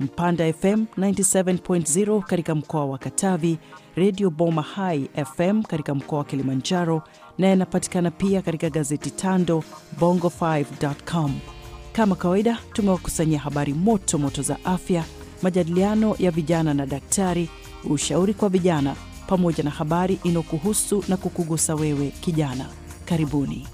Mpanda FM 97.0 katika mkoa wa Katavi, Redio Boma Hai FM katika mkoa wa Kilimanjaro na yanapatikana pia katika gazeti Tando bongo 5 com Kama kawaida, tumewakusanyia habari moto moto za afya, majadiliano ya vijana na daktari, ushauri kwa vijana, pamoja na habari inayokuhusu na kukugusa wewe kijana. Karibuni.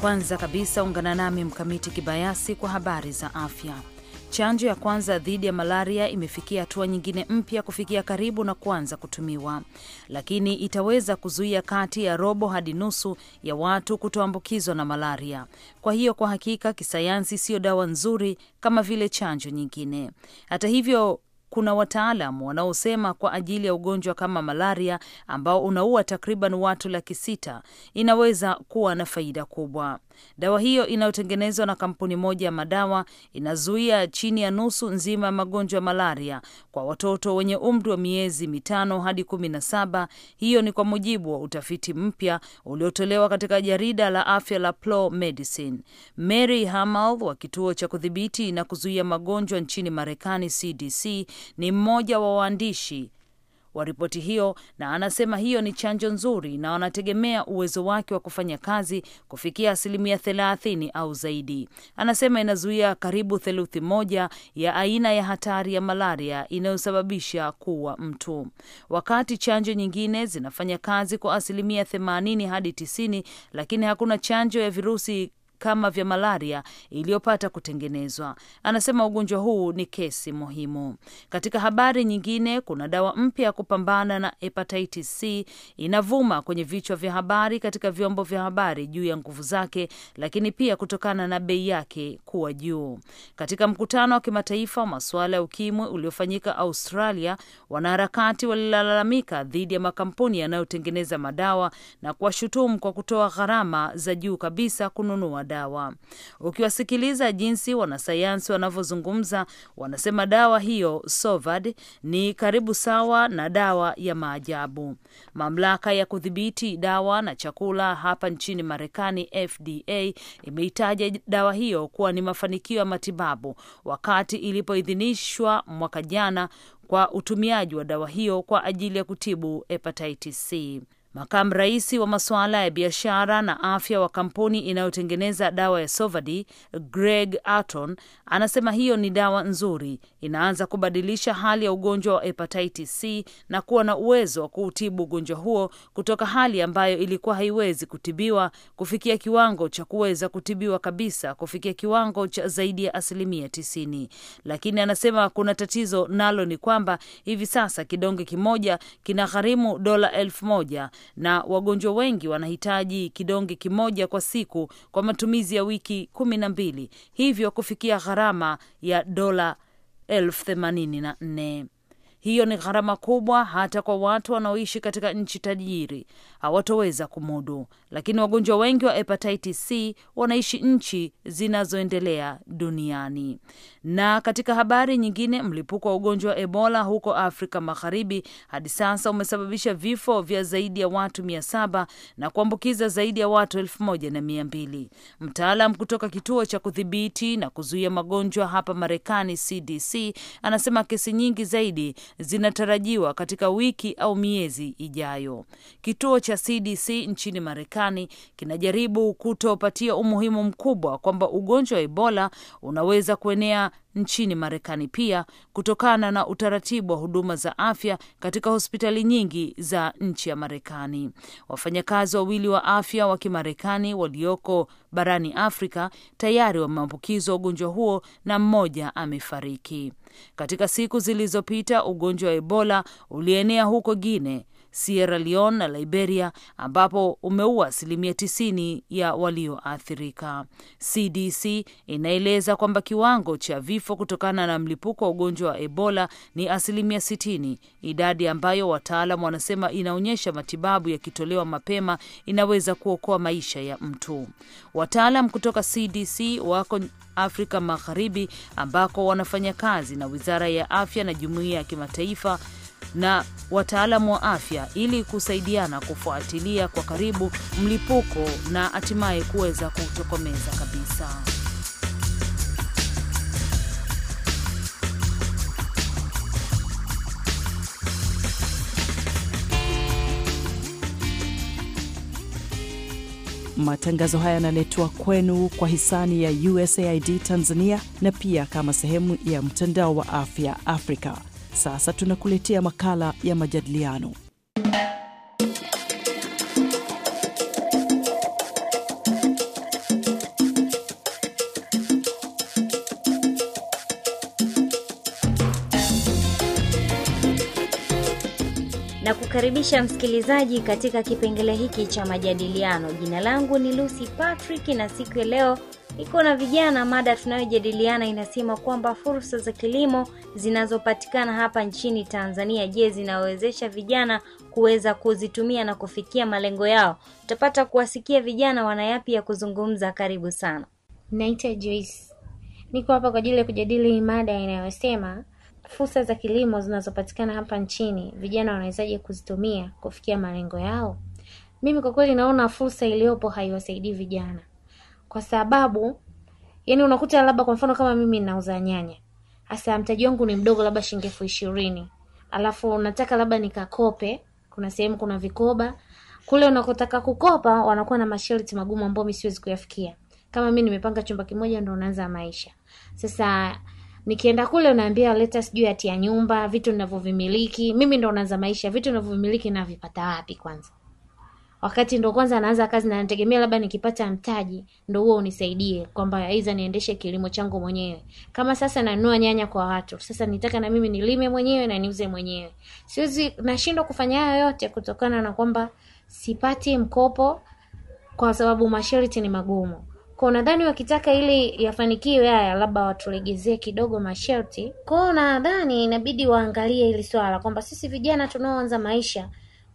Kwanza kabisa ungana nami Mkamiti Kibayasi kwa habari za afya. Chanjo ya kwanza dhidi ya malaria imefikia hatua nyingine mpya kufikia karibu na kuanza kutumiwa, lakini itaweza kuzuia kati ya robo hadi nusu ya watu kutoambukizwa na malaria. Kwa hiyo kwa hakika kisayansi siyo dawa nzuri kama vile chanjo nyingine. Hata hivyo, kuna wataalam wanaosema kwa ajili ya ugonjwa kama malaria ambao unaua takriban watu laki sita inaweza kuwa na faida kubwa. Dawa hiyo inayotengenezwa na kampuni moja ya madawa inazuia chini ya nusu nzima ya magonjwa ya malaria kwa watoto wenye umri wa miezi mitano hadi kumi na saba. Hiyo ni kwa mujibu wa utafiti mpya uliotolewa katika jarida la afya la Plow Medicine. Mary Hamal wa kituo cha kudhibiti na kuzuia magonjwa nchini Marekani, CDC, ni mmoja wa waandishi wa ripoti hiyo na anasema hiyo ni chanjo nzuri na wanategemea uwezo wake wa kufanya kazi kufikia asilimia thelathini au zaidi. Anasema inazuia karibu theluthi moja ya aina ya hatari ya malaria inayosababisha kuwa mtu, wakati chanjo nyingine zinafanya kazi kwa asilimia themanini hadi tisini, lakini hakuna chanjo ya virusi kama vya malaria iliyopata kutengenezwa. Anasema ugonjwa huu ni kesi muhimu. Katika habari nyingine, kuna dawa mpya ya kupambana na hepatitis C inavuma kwenye vichwa vya habari katika vyombo vya habari juu ya nguvu zake, lakini pia kutokana na bei yake kuwa juu. Katika mkutano wa kimataifa wa masuala ya ukimwi uliofanyika Australia, wanaharakati walilalamika dhidi ya makampuni yanayotengeneza madawa na kuwashutumu kwa kutoa gharama za juu kabisa kununua dawa. Ukiwasikiliza jinsi wanasayansi wanavyozungumza, wanasema dawa hiyo Sovad ni karibu sawa na dawa ya maajabu. Mamlaka ya kudhibiti dawa na chakula hapa nchini Marekani, FDA, imeitaja dawa hiyo kuwa ni mafanikio ya matibabu wakati ilipoidhinishwa mwaka jana kwa utumiaji wa dawa hiyo kwa ajili ya kutibu hepatitis C. Makamu rais wa masuala ya biashara na afya wa kampuni inayotengeneza dawa ya Sovadi, Greg aton anasema hiyo ni dawa nzuri, inaanza kubadilisha hali ya ugonjwa wa hepatitis C na kuwa na uwezo wa kuutibu ugonjwa huo kutoka hali ambayo ilikuwa haiwezi kutibiwa kufikia kiwango cha kuweza kutibiwa kabisa, kufikia kiwango cha zaidi ya asilimia tisini. Lakini anasema kuna tatizo nalo ni kwamba hivi sasa kidonge kimoja kina gharimu dola elfu moja na wagonjwa wengi wanahitaji kidonge kimoja kwa siku kwa matumizi ya wiki kumi na mbili, hivyo kufikia gharama ya dola elfu themanini na nne. Hiyo ni gharama kubwa, hata kwa watu wanaoishi katika nchi tajiri hawatoweza kumudu lakini wagonjwa wengi wa hepatitis C wanaishi nchi zinazoendelea duniani. Na katika habari nyingine, mlipuko wa ugonjwa wa Ebola huko Afrika Magharibi hadi sasa umesababisha vifo vya zaidi ya watu mia saba na kuambukiza zaidi ya watu elfu moja na mia mbili. Mtaalam kutoka kituo cha kudhibiti na kuzuia magonjwa hapa Marekani, CDC, anasema kesi nyingi zaidi zinatarajiwa katika wiki au miezi ijayo. Kituo cha CDC nchini Marekani Marekani kinajaribu kutopatia umuhimu mkubwa kwamba ugonjwa wa Ebola unaweza kuenea nchini Marekani pia kutokana na utaratibu wa huduma za afya katika hospitali nyingi za nchi ya Marekani. Wafanyakazi wawili wa afya wa Kimarekani walioko barani Afrika tayari wameambukizwa ugonjwa huo na mmoja amefariki. Katika siku zilizopita, ugonjwa wa Ebola ulienea huko Guine Sierra Leone na Liberia, ambapo umeua asilimia tisini ya walioathirika. CDC inaeleza kwamba kiwango cha vifo kutokana na mlipuko wa ugonjwa wa Ebola ni asilimia sitini, idadi ambayo wataalam wanasema inaonyesha matibabu yakitolewa mapema inaweza kuokoa maisha ya mtu. Wataalam kutoka CDC wako Afrika Magharibi ambako wanafanya kazi na Wizara ya Afya na jumuiya ya kimataifa na wataalamu wa afya ili kusaidiana kufuatilia kwa karibu mlipuko na hatimaye kuweza kutokomeza kabisa. Matangazo haya yanaletwa kwenu kwa hisani ya USAID Tanzania na pia kama sehemu ya mtandao wa afya Afrika. Sasa tunakuletea makala ya majadiliano. na kukaribisha msikilizaji katika kipengele hiki cha majadiliano. Jina langu ni Lucy Patrick na siku ya leo na Vijana, mada tunayojadiliana inasema kwamba fursa za kilimo zinazopatikana hapa nchini Tanzania, je, zinawezesha vijana kuweza kuzitumia na kufikia malengo yao? Tutapata kuwasikia vijana wanayapi ya kuzungumza. Karibu sana. naita Joyce, niko hapa kwa ajili ya kujadili mada inayosema fursa za kilimo zinazopatikana hapa nchini, vijana wanawezaje kuzitumia kufikia malengo yao? Mimi kwa kweli naona fursa iliyopo haiwasaidii vijana kwa sababu yani unakuta labda kwa mfano kama mimi nauza nyanya hasa mtaji wangu ni mdogo labda shilingi elfu ishirini alafu nataka labda nikakope kuna sehemu kuna vikoba kule unakotaka kukopa wanakuwa na masharti magumu ambayo mi siwezi kuyafikia kama mi nimepanga chumba kimoja ndo unaanza maisha sasa nikienda kule unaambia leta sijui hati ya nyumba vitu ninavyovimiliki mimi ndo unaanza maisha vitu ninavyovimiliki navipata wapi kwanza wakati ndo kwanza anaanza kazi na nategemea labda nikipata mtaji ndo huo unisaidie kwamba aiza niendeshe kilimo changu mwenyewe. Kama sasa nanunua nyanya kwa watu, sasa nitaka na mimi nilime mwenyewe na niuze mwenyewe. Siwezi, nashindwa kufanya hayo yote kutokana na kwamba sipati mkopo, kwa sababu masharti ni magumu. Kwa nadhani wakitaka ili yafanikiwe haya, labda watulegezee kidogo masharti. kwao nadhani inabidi waangalie hili swala kwamba sisi vijana tunaoanza maisha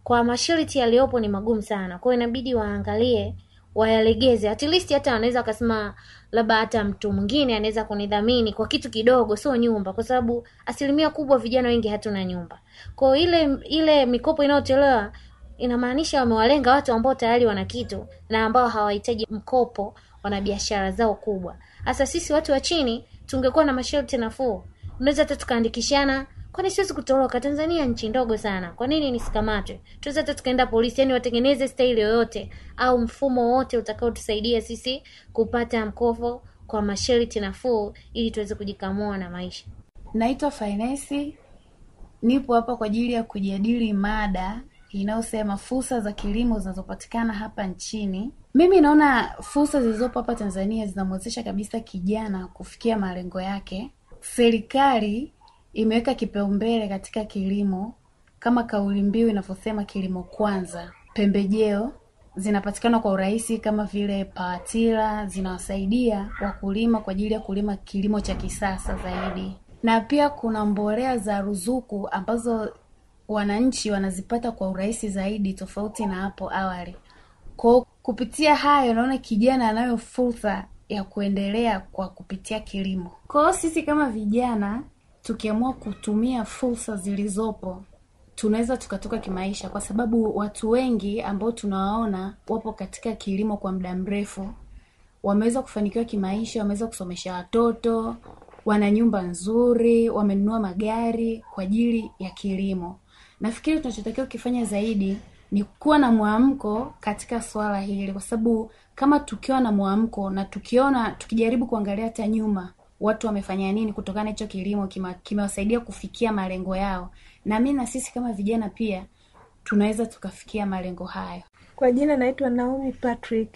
kwa masharti yaliyopo ni magumu sana kwao inabidi waangalie wayalegeze at least hata wanaweza wakasema labda hata mtu mwingine anaweza kunidhamini kwa kitu kidogo sio nyumba kwa sababu asilimia kubwa vijana wengi hatuna nyumba kwao ile ile mikopo inayotolewa inamaanisha wamewalenga watu ambao tayari wana kitu na ambao hawahitaji mkopo wana biashara zao kubwa hasa sisi watu wa chini tungekuwa na masharti nafuu unaweza hata tukaandikishana Kwani siwezi kutoroka Tanzania nchi ndogo sana, kwa nini nisikamatwe? Tuweza hata tukaenda polisi, yani watengeneze staili yoyote au mfumo wote utakaotusaidia sisi kupata mkofo kwa masharti nafuu, ili tuweze kujikamua na maisha. Naitwa Finance, nipo hapa kwa ajili ya kujadili mada inayosema fursa za kilimo zinazopatikana hapa nchini. Mimi naona fursa zilizopo hapa Tanzania zinamwezesha kabisa kijana kufikia malengo yake. Serikali imeweka kipaumbele katika kilimo kama kauli mbiu inavyosema kilimo kwanza. Pembejeo zinapatikana kwa urahisi kama vile pawatila, zinawasaidia wakulima kwa ajili ya kulima kilimo cha kisasa zaidi, na pia kuna mbolea za ruzuku ambazo wananchi wanazipata kwa urahisi zaidi tofauti na hapo awali. Kwa kupitia hayo, naona kijana anayo fursa ya kuendelea kwa kupitia kilimo. Kwa hiyo sisi kama vijana tukiamua kutumia fursa zilizopo tunaweza tukatoka kimaisha, kwa sababu watu wengi ambao tunawaona wapo katika kilimo kwa muda mrefu wameweza kufanikiwa kimaisha, wameweza kusomesha watoto, wana nyumba nzuri, wamenunua magari kwa ajili ya kilimo. Nafikiri tunachotakiwa ukifanya zaidi ni kuwa na mwamko katika swala hili, kwa sababu kama tukiwa na mwamko na tukiona, tukijaribu kuangalia hata nyuma, watu wamefanya nini kutokana na hicho kilimo kimewasaidia kima kufikia malengo yao, na mi na sisi kama vijana pia tunaweza tukafikia malengo hayo. Kwa jina naitwa Naomi Patrick.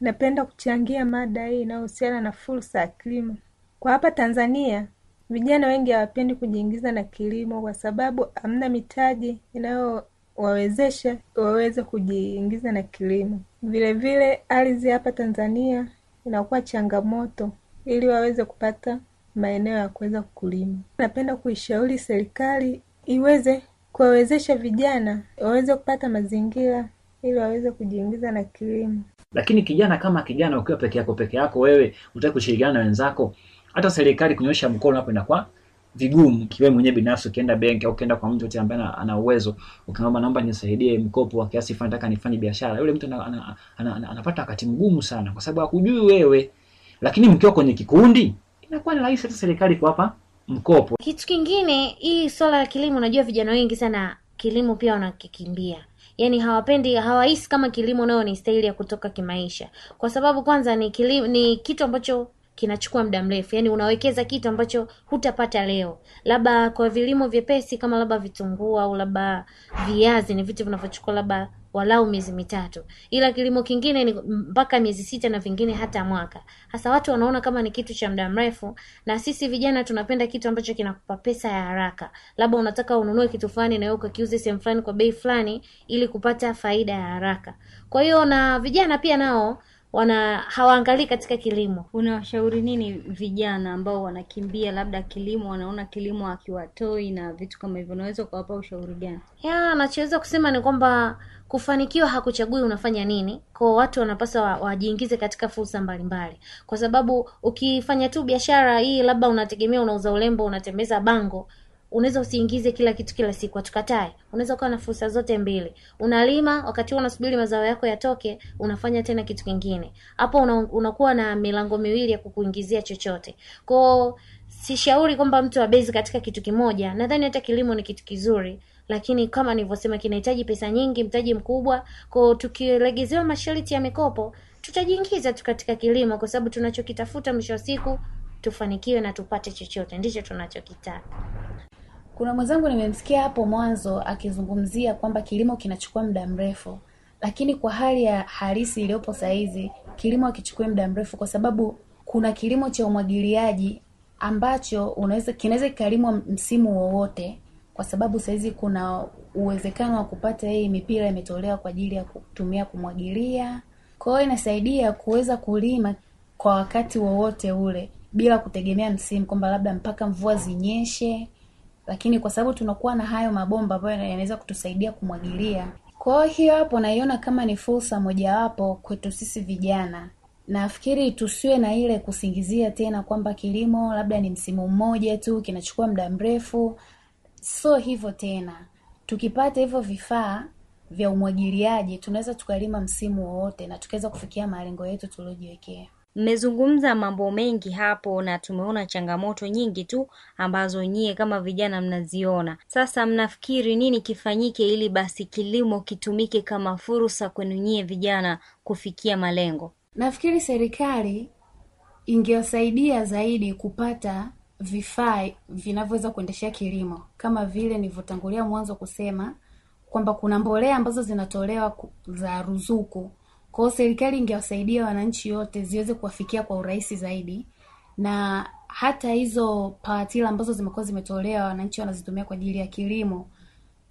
Napenda kuchangia mada hii inayohusiana na fursa ya kilimo kwa hapa Tanzania. Vijana wengi hawapendi kujiingiza na kilimo kwa sababu hamna mitaji inayowawezesha waweze kujiingiza na kilimo. Vilevile ardhi hapa Tanzania inakuwa changamoto ili waweze kupata maeneo ya kuweza kulima. Napenda kuishauri serikali iweze kuwawezesha vijana waweze kupata mazingira ili waweze kujiingiza na kilimo. Lakini kijana kama kijana, ukiwa peke yako peke yako wewe, utaki kushirikiana na wenzako, hata serikali kunyosha mkono hapo inakuwa vigumu. Kiwe mwenyewe binafsi, ukienda benki au ukienda kwa mtu yote ambaye ana uwezo, ukimwomba naomba nisaidie mkopo wa kiasi fulani, nataka nifanye biashara, yule mtu anapata wakati mgumu sana, kwa sababu hakujui wewe lakini mkiwa kwenye kikundi inakuwa ni rahisi hata serikali kuwapa mkopo. Kitu kingine, hii swala la kilimo, unajua vijana wengi sana kilimo pia wanakikimbia yaani hawapendi hawahisi kama kilimo nayo ni staili ya kutoka kimaisha, kwa sababu kwanza ni kilimo, ni kitu ambacho kinachukua muda mrefu, yaani unawekeza kitu ambacho hutapata leo. Labda kwa vilimo vyepesi kama labda vitunguu au labda viazi, ni vitu vinavyochukua labda walau miezi mitatu, ila kilimo kingine ni mpaka miezi sita na vingine hata mwaka. Hasa watu wanaona kama ni kitu cha muda mrefu, na sisi vijana tunapenda kitu ambacho kinakupa pesa ya haraka. Labda unataka ununue kitu fulani na wewe ukakiuze sehemu fulani kwa bei fulani, ili kupata faida ya haraka. Kwa hiyo na vijana pia nao wana hawaangalii katika kilimo. Unawashauri nini vijana ambao wanakimbia labda kilimo, wanaona kilimo akiwatoi na vitu kama hivyo, unaweza ukawapa ushauri gani? ya nachoweza kusema ni kwamba kufanikiwa hakuchagui unafanya nini. Kwa watu wanapaswa wajiingize katika fursa mbalimbali, kwa sababu ukifanya tu biashara hii, labda unategemea unauza urembo, unatembeza bango unaweza usiingize kila kitu kila siku, atukatae Unaweza ukawa na fursa zote mbili, unalima wakati huo unasubiri mazao yako yatoke, unafanya tena kitu kingine hapo, unakuwa una na milango miwili ya kukuingizia chochote kwao. Sishauri kwamba mtu abezi katika kitu kimoja. Nadhani hata kilimo ni kitu kizuri, lakini kama nilivyosema, kinahitaji pesa nyingi, mtaji mkubwa. Kwao tukilegezewa masharti ya mikopo, tutajiingiza tu katika kilimo, kwa sababu tunachokitafuta mwisho wa siku tufanikiwe na tupate chochote, ndicho tunachokitaka. Kuna mwenzangu nimemsikia hapo mwanzo akizungumzia kwamba kilimo kinachukua muda mrefu, lakini kwa hali ya halisi iliyopo sahizi kilimo hakichukui muda mrefu, kwa sababu kuna kilimo cha umwagiliaji ambacho unaweza kinaweza kikalimwa msimu wowote, kwa sababu sahizi kuna uwezekano wa kupata hii mipira imetolewa kwa ajili ya kutumia kumwagilia. Kwa hiyo inasaidia kuweza kulima kwa wakati wowote ule bila kutegemea msimu, kwamba labda mpaka mvua zinyeshe lakini kwa sababu tunakuwa na hayo mabomba ambayo yanaweza kutusaidia kumwagilia. Kwa hiyo hapo naiona kama ni fursa mojawapo kwetu sisi vijana. Nafikiri tusiwe na ile kusingizia tena kwamba kilimo labda ni msimu mmoja tu, kinachukua muda mrefu. So hivyo tena, tukipata hivyo vifaa vya umwagiliaji tunaweza tukalima msimu wowote na tukaweza kufikia malengo yetu tuliojiwekea. Mmezungumza mambo mengi hapo na tumeona changamoto nyingi tu ambazo nyie kama vijana mnaziona. Sasa mnafikiri nini kifanyike ili basi kilimo kitumike kama fursa kwenu nyie vijana kufikia malengo? Nafikiri serikali ingewasaidia zaidi kupata vifaa vinavyoweza kuendeshea kilimo, kama vile nilivyotangulia mwanzo kusema kwamba kuna mbolea ambazo zinatolewa za ruzuku kwa hiyo serikali ingewasaidia wananchi wote ziweze kuwafikia kwa urahisi zaidi, na hata hizo pawatila ambazo zimekuwa zimetolewa, wananchi wanazitumia kwa ajili ya kilimo,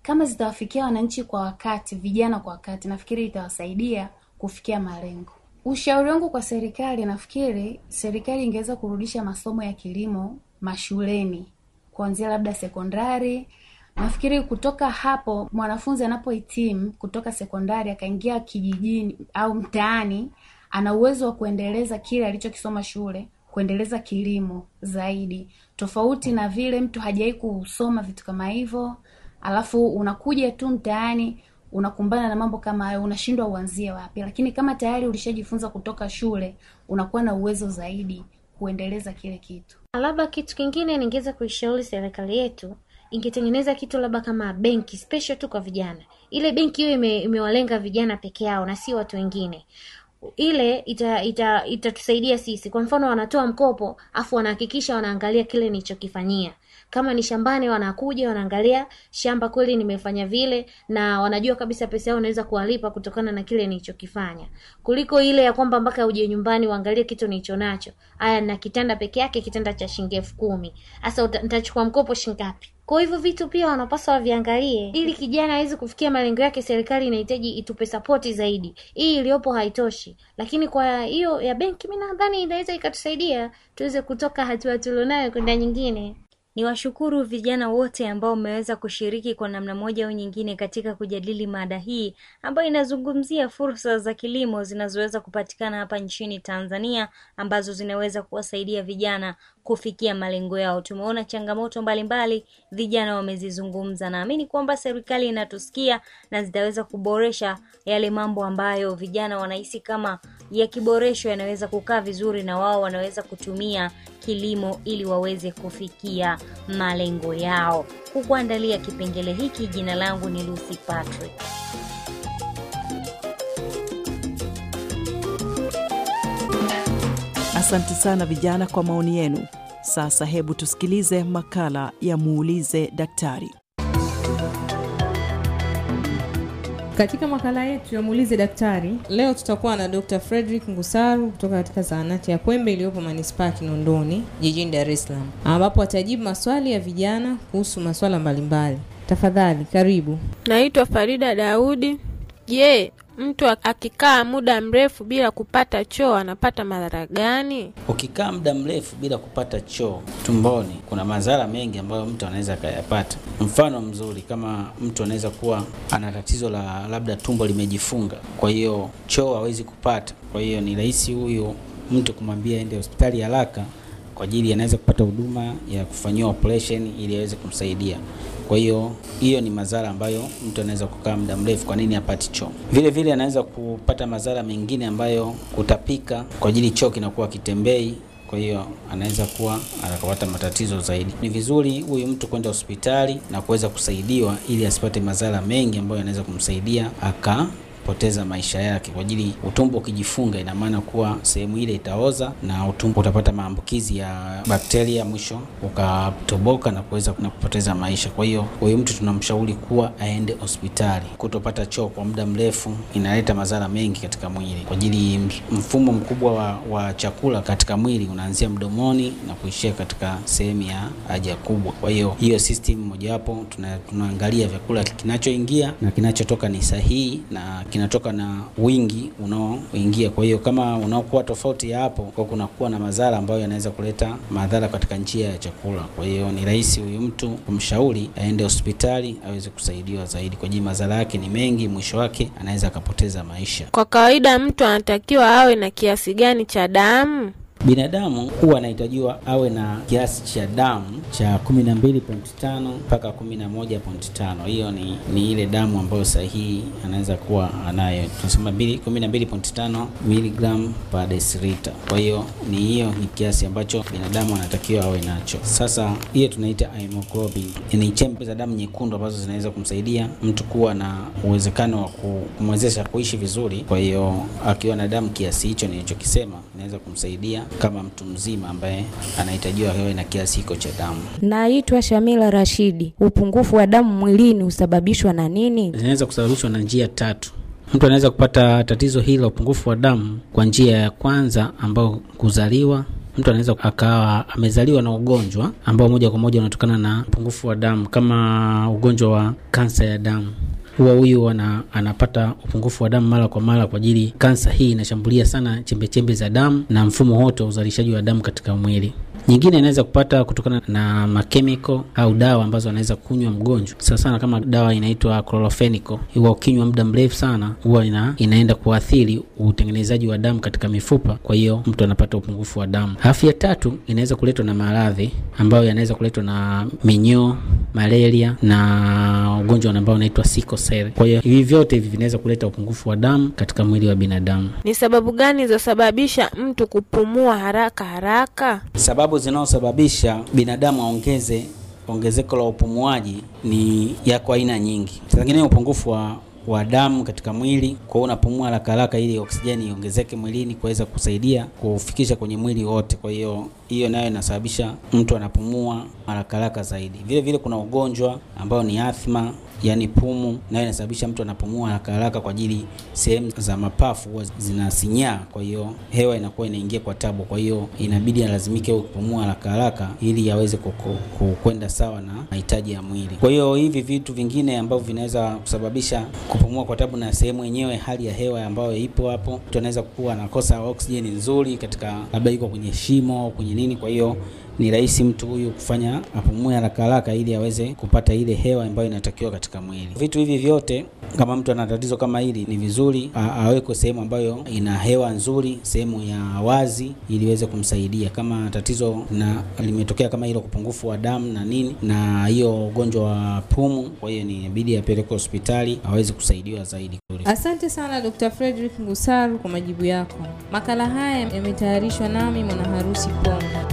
kama zitawafikia wananchi kwa wakati, vijana kwa wakati, nafikiri itawasaidia kufikia malengo. Ushauri wangu kwa serikali, nafikiri serikali ingeweza kurudisha masomo ya kilimo mashuleni kuanzia labda sekondari Nafikiri kutoka hapo mwanafunzi anapohitimu kutoka sekondari akaingia kijijini au mtaani, ana uwezo wa kuendeleza kile alichokisoma shule, kuendeleza kilimo zaidi, tofauti na vile mtu hajawahi kusoma vitu kama hivyo, alafu unakuja tu mtaani unakumbana na mambo kama hayo, unashindwa uanzie wapi. Lakini kama tayari ulishajifunza kutoka shule, unakuwa na uwezo zaidi kuendeleza kile kitu. Labda kitu kingine ningeweza kuishauri serikali yetu ingetengeneza kitu labda kama benki special tu kwa vijana. Ile benki hiyo ime, imewalenga vijana peke yao na si watu wengine ile itatusaidia ita, ita sisi. Kwa mfano, wanatoa mkopo afu wanahakikisha wanaangalia kile nilichokifanyia. Kama ni shambani, wanakuja wanaangalia shamba, kweli nimefanya vile, na wanajua kabisa pesa yao inaweza kuwalipa kutokana na kile nilichokifanya, kuliko ile ya kwamba mpaka uje nyumbani uangalie kitu nilicho nacho. Aya, na kitanda peke yake, kitanda cha shilingi elfu kumi. Sasa nitachukua mkopo shingapi kwa hivyo vitu pia wanapaswa waviangalie ili mm-hmm. kijana aweze kufikia malengo yake. Serikali inahitaji itupe sapoti zaidi, hii iliyopo haitoshi, lakini kwa hiyo ya benki mi nadhani inaweza ikatusaidia tuweze kutoka hatua tulionayo kwenda nyingine. Niwashukuru vijana wote ambao mmeweza kushiriki kwa namna moja au nyingine katika kujadili mada hii ambayo inazungumzia fursa za kilimo zinazoweza kupatikana hapa nchini Tanzania ambazo zinaweza kuwasaidia vijana kufikia malengo yao. Tumeona changamoto mbalimbali vijana wamezizungumza, naamini kwamba serikali inatusikia na zitaweza kuboresha yale mambo ambayo vijana wanahisi kama yakiboreshwa yanaweza kukaa vizuri na wao wanaweza kutumia kilimo ili waweze kufikia malengo yao. Kukuandalia kipengele hiki, jina langu ni Lucy Patrick. Asante sana vijana kwa maoni yenu. Sasa hebu tusikilize makala ya muulize daktari. Katika makala yetu ya muulize daktari leo tutakuwa na Dr. Frederick Ngusaru kutoka katika zahanati ya Kwembe iliyopo manispaa ya Kinondoni jijini Dar es Salaam, ambapo atajibu maswali ya vijana kuhusu maswala mbalimbali. Tafadhali karibu. Naitwa Farida Daudi. Je, Mtu akikaa muda mrefu bila kupata choo anapata madhara gani? Ukikaa muda mrefu bila kupata choo tumboni, kuna madhara mengi ambayo mtu anaweza akayapata. Mfano mzuri, kama mtu anaweza kuwa ana tatizo la labda tumbo limejifunga, kwa hiyo choo hawezi kupata, kwa hiyo ni rahisi huyu mtu kumwambia aende hospitali haraka kwa ajili anaweza kupata huduma ya kufanyiwa operation ili aweze kumsaidia. Kwa hiyo hiyo ni madhara ambayo mtu anaweza kukaa muda mrefu, kwa nini apati choo. Vile vile anaweza kupata madhara mengine ambayo kutapika, kwa ajili choo kinakuwa kitembei kwa hiyo anaweza kuwa akapata matatizo zaidi. Ni vizuri huyu mtu kwenda hospitali na kuweza kusaidiwa ili asipate madhara mengi ambayo yanaweza kumsaidia aka kupoteza maisha yake, kwa ajili utumbo ukijifunga, ina maana kuwa sehemu ile itaoza na utumbo utapata maambukizi ya bakteria, mwisho ukatoboka na kuweza na kupoteza maisha. Kwa hiyo huyu mtu tunamshauri kuwa aende hospitali. Kutopata choo kwa muda mrefu inaleta madhara mengi katika mwili, kwa ajili mfumo mkubwa wa, wa chakula katika mwili unaanzia mdomoni na kuishia katika sehemu ya haja kubwa. Kwa hiyo hiyo system mojawapo, tunaangalia tuna vyakula kinachoingia na kinachotoka ni sahihi na kinatoka na wingi unaoingia. Kwa hiyo kama unaokuwa tofauti ya hapo, kwa kunakuwa na madhara ambayo yanaweza kuleta madhara katika njia ya chakula. Kwa hiyo ni rahisi huyu mtu kumshauri aende hospitali aweze kusaidiwa zaidi, kwa jili madhara yake ni mengi, mwisho wake anaweza akapoteza maisha. Kwa kawaida mtu anatakiwa awe na kiasi gani cha damu? Binadamu huwa anahitajiwa awe na kiasi cha damu cha 12.5 mpaka 11.5. Hiyo ni, ni ile damu ambayo sahihi anaweza kuwa anayo, tunasema 12.5 mg per deciliter. Kwa hiyo ni hiyo ni kiasi ambacho binadamu anatakiwa awe nacho. Sasa hiyo tunaita hemoglobin, ni chembe za damu nyekundu ambazo zinaweza kumsaidia mtu kuwa na uwezekano wa kumwezesha kuishi vizuri. Kwa hiyo akiwa na damu kiasi hicho nilichokisema inaweza kumsaidia kama mtu mzima ambaye anahitajiwa hewe na kiasi hiko cha damu. Naitwa Shamila Rashidi. Upungufu wa damu mwilini husababishwa na nini? Inaweza kusababishwa na njia tatu. Mtu anaweza kupata tatizo hili la upungufu wa damu kwa njia ya kwanza, ambao kuzaliwa mtu anaweza akawa amezaliwa na ugonjwa ambao moja kwa moja unatokana na upungufu wa damu kama ugonjwa wa kansa ya damu huwa huyu ana, anapata upungufu wa damu mara kwa mara kwa ajili kansa hii inashambulia sana chembechembe za damu na mfumo wote wa uzalishaji wa damu katika mwili. Nyingine inaweza kupata kutokana na makemiko au dawa ambazo anaweza kunywa mgonjwa. Sasa sana kama dawa inaitwa chlorofenico, huwa ukinywa muda mrefu sana huwa ina, inaenda kuathiri utengenezaji wa damu katika mifupa, kwa hiyo mtu anapata upungufu wa damu. Halafu ya tatu inaweza kuletwa na maradhi ambayo yanaweza kuletwa na minyoo, malaria na ugonjwa ambao unaitwa sikosel Kwa hiyo hivi vyote hivi vinaweza kuleta upungufu wa damu katika mwili wa binadamu. Ni sababu gani zosababisha mtu kupumua haraka haraka? Sababu sababu zinazosababisha binadamu aongeze ongezeko la upumuaji ni yako aina nyingi. Tangia upungufu wa wa damu katika mwili, kwa hiyo unapumua haraka haraka ili oksijeni iongezeke mwilini kuweza kusaidia kufikisha kwenye mwili wote. Kwa hiyo hiyo nayo inasababisha mtu anapumua haraka haraka zaidi. Vile vile kuna ugonjwa ambao ni athma yani pumu, nayo inasababisha mtu anapumua haraka kwa ajili sehemu za mapafu huwa zinasinyaa, kwa hiyo hewa inakuwa inaingia kwa tabu, kwa hiyo inabidi alazimike au kupumua haraka haraka ili yaweze kwenda sawa na mahitaji ya mwili. Kwa hiyo hivi vitu vingine ambavyo vinaweza kusababisha kupumua kwa tabu na sehemu yenyewe, hali ya hewa ambayo ipo hapo, mtu anaweza kuwa anakosa oksijeni nzuri katika labda iko kwenye shimo au kwenye nini, kwa hiyo ni rahisi mtu huyu kufanya apumue haraka haraka ili aweze kupata ile hewa ambayo inatakiwa katika mwili. Vitu hivi vyote, kama mtu ana tatizo kama hili, ni vizuri awekwe sehemu ambayo ina hewa nzuri, sehemu ya wazi, ili iweze kumsaidia kama tatizo na limetokea kama hilo, upungufu wa damu na nini na hiyo ugonjwa wa pumu. Kwa hiyo ni inabidi apelekwe hospitali aweze kusaidiwa zaidi. Asante sana Dr. Frederick Ngusaru kwa majibu yako. Makala haya yametayarishwa nami mwana harusi Ponda.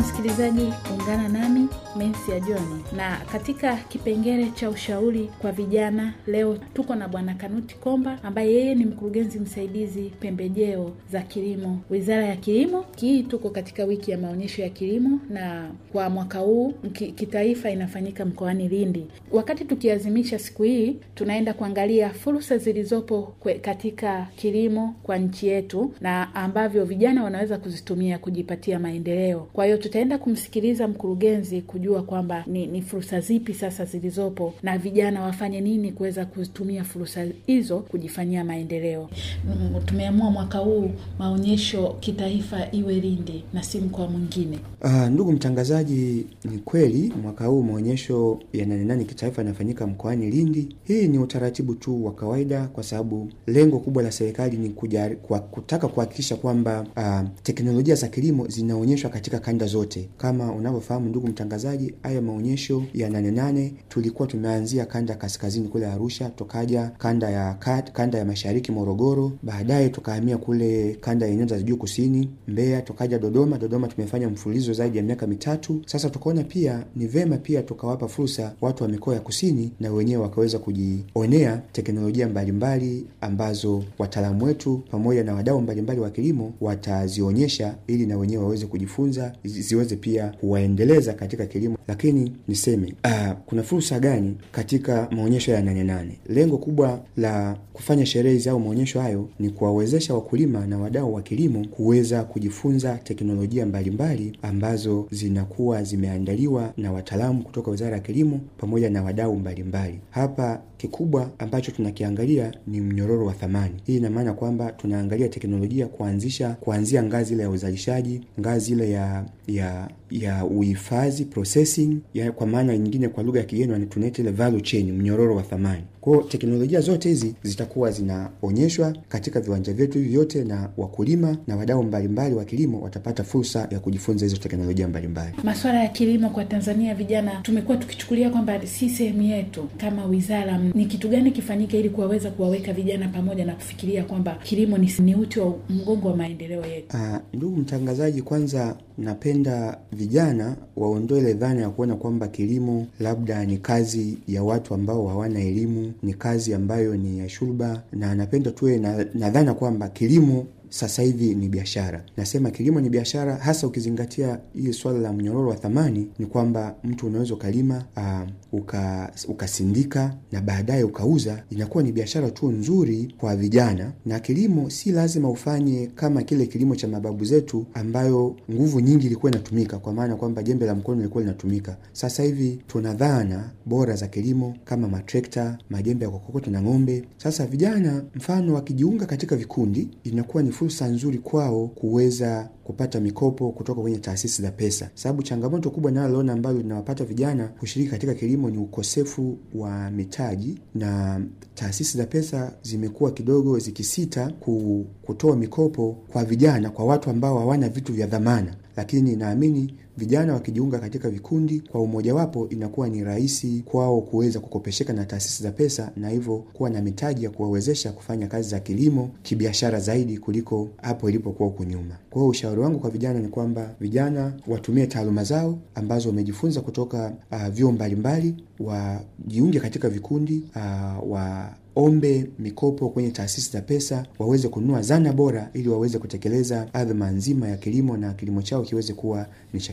msikilizaji, kuungana nami Mensi ya joni na katika kipengele cha ushauri kwa vijana leo tuko na Bwana Kanuti Komba ambaye yeye ni mkurugenzi msaidizi pembejeo za kilimo, Wizara ya Kilimo. Hii tuko katika wiki ya maonyesho ya kilimo, na kwa mwaka huu kitaifa inafanyika mkoani Lindi. Wakati tukiazimisha siku hii, tunaenda kuangalia fursa zilizopo katika kilimo kwa nchi yetu na ambavyo vijana wanaweza kuzitumia kujipatia maendeleo. Kwa hiyo tutaenda kumsikiliza mkurugenzi kujua kwamba ni, ni fursa zipi sasa zilizopo na vijana wafanye nini kuweza kutumia fursa hizo kujifanyia maendeleo. Mm, tumeamua mwaka huu maonyesho kitaifa iwe Lindi na si mkoa mwingine. Uh, ndugu mtangazaji, ni kweli mwaka huu maonyesho ya Nane kitaifa yanafanyika mkoani Lindi. Hii ni utaratibu tu wa kawaida, kwa sababu lengo kubwa la serikali ni kuja, kwa, kutaka kuhakikisha kwamba uh, teknolojia za kilimo zinaonyeshwa katika kanda zote zote. Kama unavyofahamu ndugu mtangazaji, haya maonyesho ya nane nane tulikuwa tumeanzia kanda kaskazini kule Arusha, tukaja kanda ya kat, kanda ya mashariki Morogoro, baadaye tukahamia kule kanda ya nyanda za juu kusini Mbeya, tukaja Dodoma. Dodoma tumefanya mfululizo zaidi ya miaka mitatu sasa. Tukaona pia ni vema pia tukawapa fursa watu wa mikoa ya kusini na wenyewe wakaweza kujionea teknolojia mbalimbali mbali ambazo wataalamu wetu pamoja na wadau mbalimbali wa kilimo watazionyesha ili na wenyewe waweze kujifunza ziweze pia kuwaendeleza katika kilimo. Lakini niseme uh, kuna fursa gani katika maonyesho ya Nane Nane? Lengo kubwa la kufanya sherehe hizi au maonyesho hayo ni kuwawezesha wakulima na wadau wa kilimo kuweza kujifunza teknolojia mbalimbali mbali ambazo zinakuwa zimeandaliwa na wataalamu kutoka Wizara ya Kilimo pamoja na wadau mbalimbali. Hapa Kikubwa ambacho tunakiangalia ni mnyororo wa thamani. Hii ina maana kwamba tunaangalia teknolojia kuanzisha kuanzia ngazi ile ya uzalishaji, ngazi ile ya ya ya uhifadhi processing ya, kwa maana nyingine, kwa lugha ya kigeni tunaita ile value chain, mnyororo wa thamani. Kwa hiyo teknolojia zote hizi zitakuwa zinaonyeshwa katika viwanja vyetu hivi vyote, na wakulima na wadau mbalimbali wa kilimo watapata fursa ya kujifunza hizo teknolojia mbalimbali. Masuala ya kilimo kwa Tanzania, vijana tumekuwa tukichukulia kwamba si sehemu yetu. Kama wizara, ni kitu gani kifanyike ili kuwaweza kuwaweka vijana pamoja na kufikiria kwamba kilimo ni uti wa mgongo wa maendeleo yetu? Ah, ndugu mtangazaji, kwanza napenda vijana waondoe dhana ya kuona kwamba kilimo labda ni kazi ya watu ambao hawana elimu ni kazi ambayo ni ya shurba, na anapenda tuwe nadhani na kwamba kilimo sasa hivi ni biashara. Nasema kilimo ni biashara, hasa ukizingatia hili swala la mnyororo wa thamani, ni kwamba mtu unaweza ukalima uh, ukasindika uka, na baadaye ukauza, inakuwa ni biashara tu nzuri kwa vijana. Na kilimo si lazima ufanye kama kile kilimo cha mababu zetu, ambayo nguvu nyingi ilikuwa inatumika, kwa maana kwamba jembe la mkono lilikuwa linatumika. Sasa hivi tuna dhana bora za kilimo kama matrekta, majembe ya kokokota na ng'ombe. Sasa vijana mfano wakijiunga katika vikundi, inakuwa ni fursa nzuri kwao kuweza kupata mikopo kutoka kwenye taasisi za pesa, sababu changamoto kubwa naloona ambalo linawapata vijana kushiriki katika kilimo ni ukosefu wa mitaji, na taasisi za pesa zimekuwa kidogo zikisita kutoa mikopo kwa vijana, kwa watu ambao hawana vitu vya dhamana, lakini naamini vijana wakijiunga katika vikundi kwa umojawapo, inakuwa ni rahisi kwao kuweza kukopesheka na taasisi za pesa na hivyo kuwa na mitaji ya kuwawezesha kufanya kazi za kilimo kibiashara zaidi kuliko hapo ilipokuwa huku nyuma. Kwa ushauri wangu kwa vijana ni kwamba vijana watumie taaluma zao ambazo wamejifunza kutoka uh, vyuo mbalimbali, wajiunge katika vikundi uh, ah, wa ombe mikopo kwenye taasisi za pesa, waweze kununua zana bora ili waweze kutekeleza adhma nzima ya kilimo na kilimo chao kiweze kuwa ni cha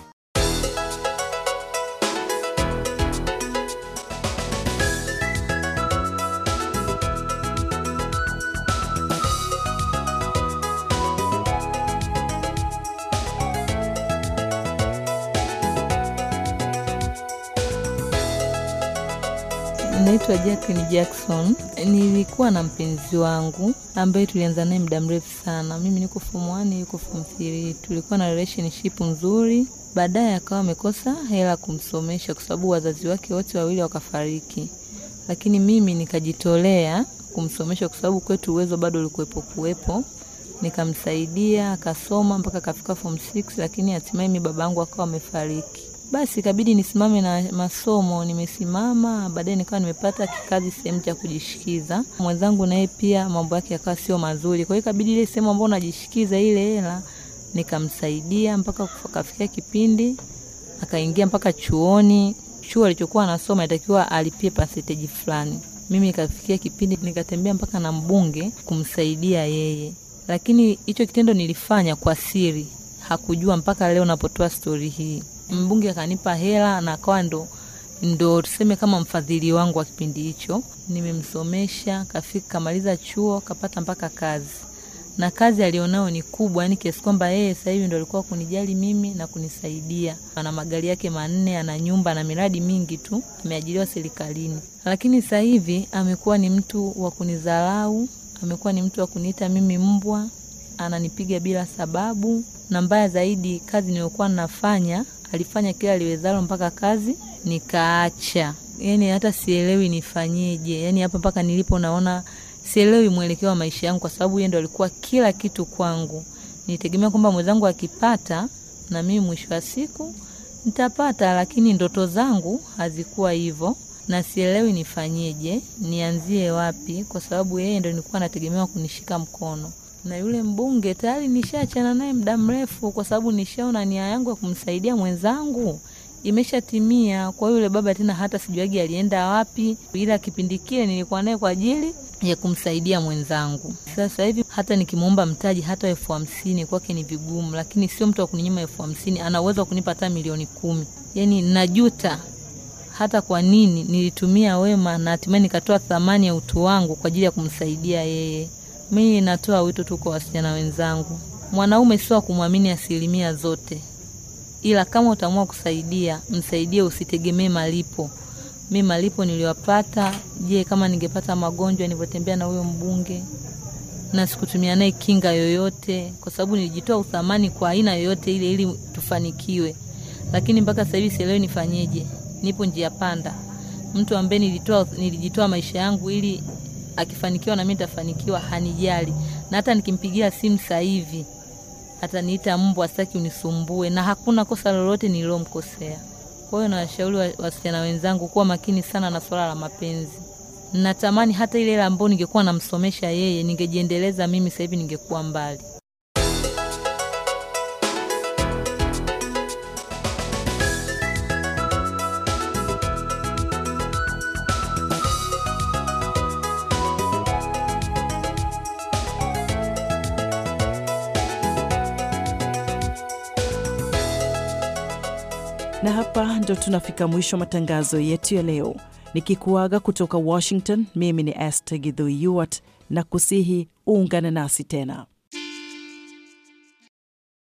Naitwa Jacqueline Jackson. Nilikuwa na mpenzi wangu ambaye tulianza naye muda mrefu sana. Mimi niko form 1, yuko form 3. Tulikuwa na relationship nzuri. Baadaye akawa amekosa hela kumsomesha kwa sababu wazazi wake wote wawili wakafariki, lakini mimi nikajitolea kumsomesha kwa sababu kwetu uwezo bado ulikuwepo kuwepo. Nikamsaidia akasoma mpaka akafika form 6, lakini hatimaye mi baba yangu akawa amefariki basi ikabidi nisimame na masomo. Nimesimama, baadaye nikawa nimepata kikazi sehemu cha kujishikiza. Mwenzangu naye pia mambo yake yakawa sio mazuri, kwa hiyo ikabidi ile sehemu ambayo najishikiza ile hela nikamsaidia mpaka kafikia kipindi akaingia mpaka chuoni. Chuo alichokuwa anasoma itakiwa alipie pasenteji fulani. Mimi ikafikia kipindi nikatembea mpaka na mbunge kumsaidia yeye, lakini hicho kitendo nilifanya kwa siri, hakujua mpaka leo napotoa stori hii mbunge akanipa hela na akawa ndo ndo tuseme kama mfadhili wangu wa kipindi hicho. Nimemsomesha kafika, kamaliza chuo, kapata mpaka kazi, na kazi alionao ni kubwa, yani kiasi kwamba yeye sasa hivi ndo alikuwa kunijali mimi na kunisaidia. Ana magari yake manne, ana nyumba na miradi mingi tu, ameajiriwa serikalini. Lakini sasa hivi amekuwa ni mtu wa kunidharau, amekuwa ni mtu wa kuniita mimi mbwa, ananipiga bila sababu, na mbaya zaidi, kazi niliyokuwa nafanya alifanya kila aliwezalo mpaka kazi nikaacha. Yani hata sielewi nifanyeje. Yani hapa mpaka nilipo naona sielewi mwelekeo wa maisha yangu, kwa sababu yeye ndo alikuwa kila kitu kwangu. Nitegemea kwamba mwenzangu akipata na mimi mwisho wa siku nitapata, lakini ndoto zangu hazikuwa hivyo na sielewi nifanyeje, nianzie wapi, kwa sababu yeye ndo nilikuwa nategemewa kunishika mkono na yule mbunge tayari nishaachana naye muda mrefu, kwa sababu nishaona nia yangu ya kumsaidia mwenzangu imeshatimia. Kwa yule baba tena hata sijuagi alienda wapi, ila kipindi kile nilikuwa naye kwa ajili ya kumsaidia mwenzangu. Sasa hivi hata nikimwomba mtaji hata elfu hamsini kwake ni vigumu, lakini sio mtu wa kuninyima elfu hamsini. Ana uwezo wa kunipa hata milioni kumi. Yani najuta hata kwa nini nilitumia wema na hatimaye nikatoa thamani ya utu wangu kwa ajili ya kumsaidia yeye. Mimi natoa wito tu kwa wasichana wenzangu, mwanaume sio kumwamini asilimia zote, ila kama utaamua kusaidia, msaidie, usitegemee malipo. Mi malipo niliwapata. Je, kama ningepata magonjwa nilivyotembea na huyo mbunge na sikutumia naye kinga yoyote, kwa sababu nilijitoa uthamani kwa aina yoyote ile ili tufanikiwe, lakini mpaka sasa hivi sielewi nifanyeje. Nipo njia panda, mtu ambaye nilijitoa maisha yangu ili akifanikiwa na mimi nitafanikiwa, hanijali. Na hata nikimpigia simu sasa hivi ataniita mbwa, sitaki unisumbue, na hakuna kosa lolote nililomkosea. Kwa hiyo nawashauri wasichana wenzangu kuwa makini sana na swala la mapenzi. Natamani hata ile ambayo ningekuwa namsomesha yeye, ningejiendeleza mimi, sasa hivi ningekuwa mbali. ndo tunafika mwisho matangazo yetu ya leo, nikikuaga kutoka Washington. Mimi ni este Githui na kusihi uungane nasi tena.